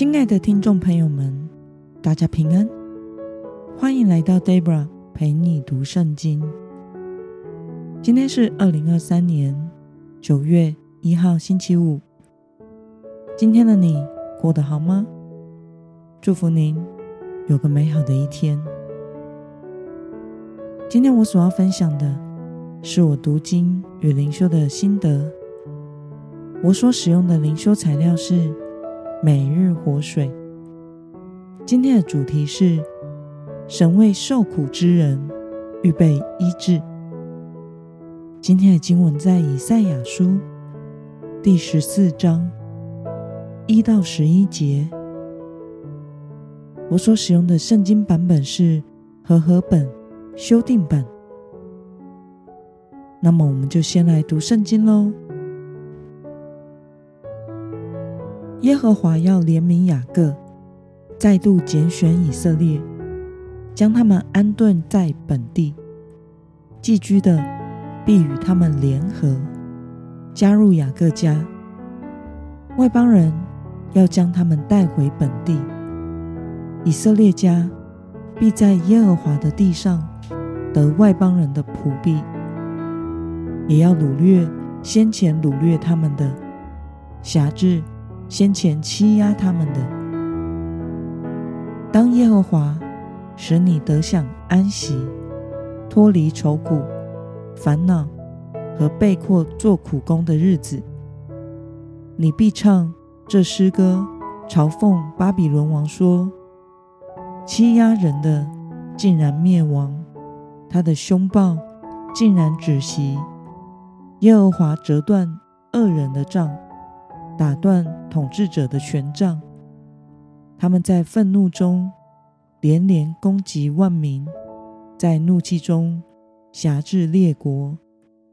親愛的聽眾朋友們，大家平安，歡迎來到 Debra 陪你讀聖經。今天是二零二三年九月一號星期五。今天的你過得好嗎？祝福您有個美好的一天。今天我所要分享的是我讀經與靈修的心得。我所使用的靈修材料是。每日活水。今天的主題是：神為受苦之人預備醫治。今天的經文在以賽亞書第十四章一到十一節。我所使用的聖經版本是和合本修訂版。那麼，我們就先來讀聖經嘍。耶和華要憐憫雅各，再度揀選以色列，將他們安頓在本地；寄居的必與他們聯合，加入雅各家。外邦人要將他們帶回本地；以色列家必在耶和華的地上得外邦人的僕婢，也要擄掠先前擄掠他們的轄制，先前欺壓他們的，當耶和華使你得享安息，脫離愁苦、煩惱和被迫做苦工的日子，你必唱這詩歌，嘲諷巴比倫王說：欺壓人的竟然滅亡，他的兇暴竟然止息，耶和華折斷惡人的杖。打斷統治者的權杖，他們在憤怒中連連攻擊萬民，在怒氣中轄制列國，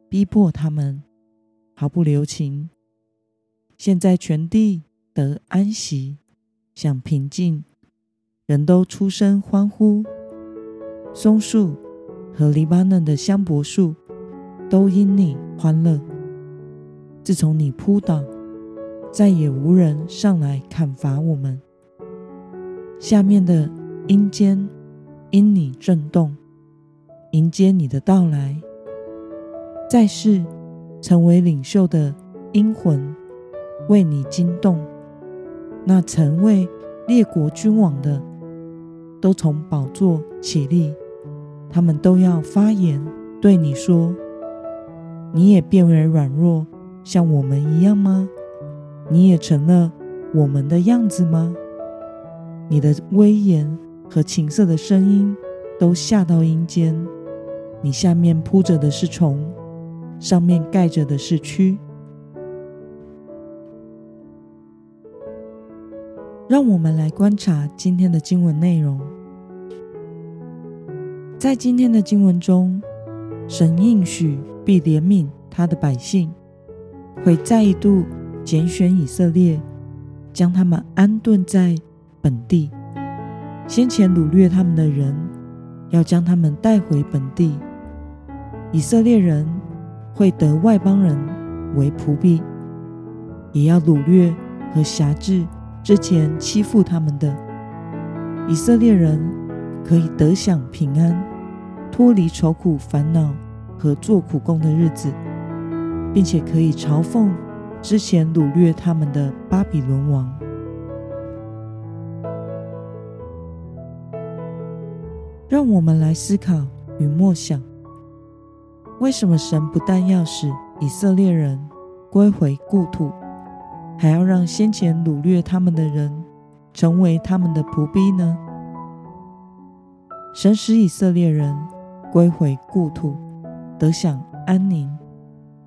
逼迫他們毫不留情。現在全地得安息，享平靜，人都出聲歡呼。松樹和黎巴嫩的香柏樹都因你歡樂。自從你仆倒，再也無人上來砍伐我們。下面的陰間因你震動，迎接你的到來。在世成為領袖的陰魂為你驚動，那曾為列國君王的都從寶座起立，他們都要發言，對你說：“你也變為軟弱，像我們一樣嗎？”你也成了我們的樣子嗎？你的威嚴和琴瑟的聲音都下到陰間，你下面鋪着的是蟲，上面蓋着的是蛆。讓我們來觀察今天的經文內容。在今天的經文中，神應許必憐憫他的百姓，會再一度。揀選以色列，將他們安頓在本地。先前擄掠他們的人，要將他們帶回本地。以色列人會得外邦人為僕婢，也要擄掠和轄制之前欺負他們的。以色列人可以得享平安，脫離愁苦、煩惱和做苦工的日子，並且可以嘲諷。之前擄掠他們的巴比倫王，讓我們來思考與默想：為什麼神不但要使以色列人歸回故土，還要讓先前擄掠他們的人成為他們的僕婢呢？神使以色列人歸回故土，得享安寧，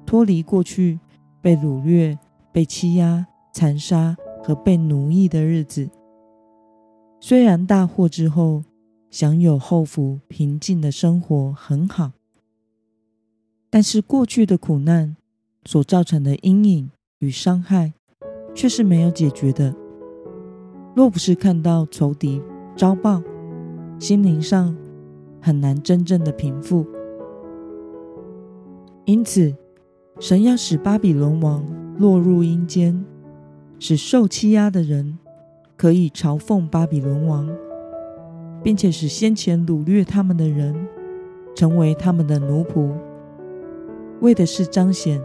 脫離過去。被擄掠、被欺壓、殘殺和被奴役的日子，雖然大禍之後享有後福、平靜的生活很好，但是過去的苦難所造成的陰影與傷害卻是沒有解決的。若不是看到仇敵遭報，心靈上很難真正的平復。因此。神要使巴比倫王落入陰間，使受欺壓的人可以嘲諷巴比倫王，並且使先前擄掠他們的人成為他們的奴僕，為的是彰顯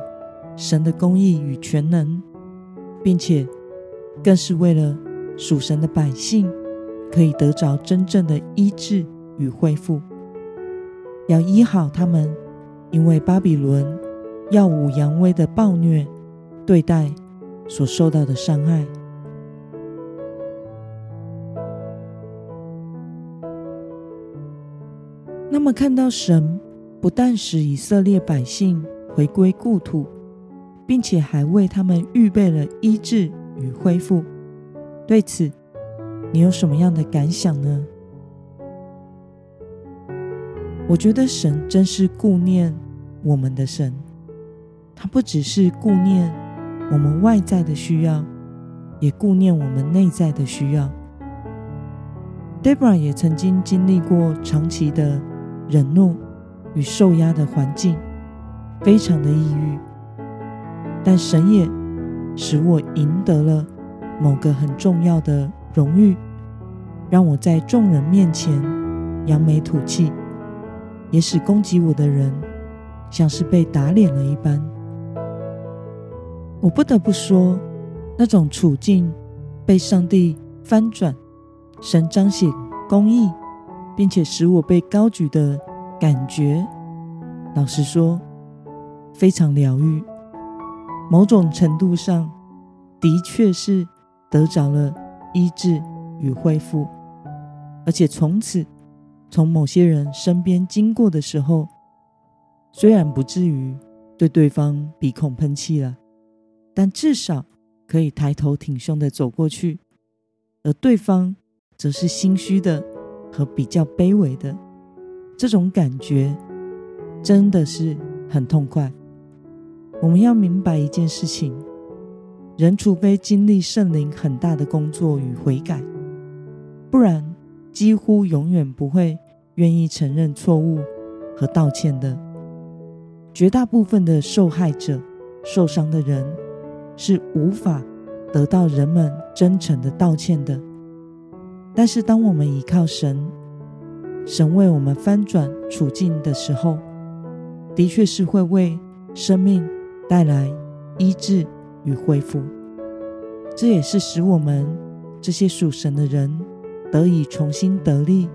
神的公義與全能，並且更是為了屬神的百姓可以得着真正的醫治與恢復，要醫好他們，因為巴比倫。耀武揚威的暴虐對待所受到的傷害。那麼，看到神不但使以色列百姓回歸故土，並且還為他們預備了醫治與恢復，對此，你有什麼樣的感想呢？我覺得神真是顧念我們的神。他不只是顧念我們外在的需要，也顧念我們內在的需要。Deborah 也曾經經歷過長期的忍怒與受壓的環境，非常的抑鬱。但神也使我贏得了某個很重要的榮譽，讓我在眾人面前揚眉吐氣，也使攻擊我的人像是被打臉了一般。我不得不說，那種處境被上帝翻轉、神彰顯公義，並且使我被高舉的感覺，老實說，非常療癒。某種程度上，的確是得着了醫治與恢復，而且從此從某些人身邊經過的時候，雖然不至於對對方鼻孔噴氣了。但至少可以抬頭挺胸地走過去，而對方則是心虛的和比較卑微的，這種感覺真的是很痛快。我們要明白一件事情：人除非經歷聖靈很大的工作與悔改，不然幾乎永遠不會願意承認錯誤和道歉的。絕大部分的受害者、受傷的人。是無法得到人們真誠的道歉的。但是，當我們依靠神，神為我們翻轉處境的時候，的確是會為生命帶來醫治與恢復。這也是使我們這些屬神的人得以重新得力、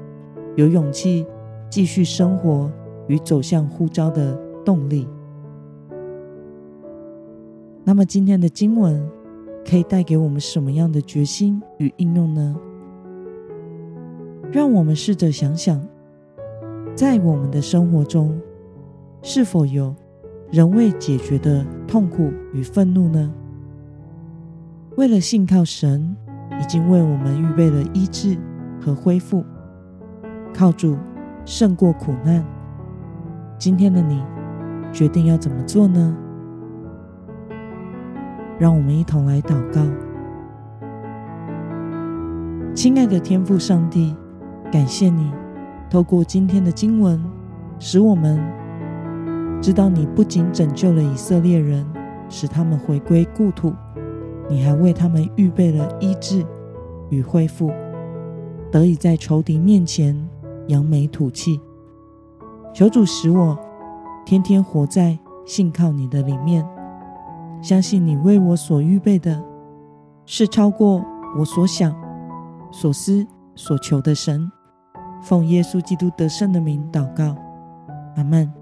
有勇氣繼續生活與走向呼召的動力。那麼今天的經文可以帶給我們什麼樣的決心與應用呢？讓我們試着想想，在我們的生活中，是否有仍未解決的痛苦與憤怒呢？為了信靠神，已經為我們預備了醫治和恢復，靠主勝過苦難。今天的你，決定要怎麼做呢？讓我們一同來禱告，親愛的天父上帝，感謝你透過今天的經文，使我們知道你不僅拯救了以色列人，使他們回歸故土，你還為他們預備了醫治與恢復，得以在仇敵面前揚眉吐氣。求主使我天天活在信靠你的裡面。相信你為我所預備的，是超過我所想、所思、所求的神，奉耶穌基督得勝的名禱告，阿門。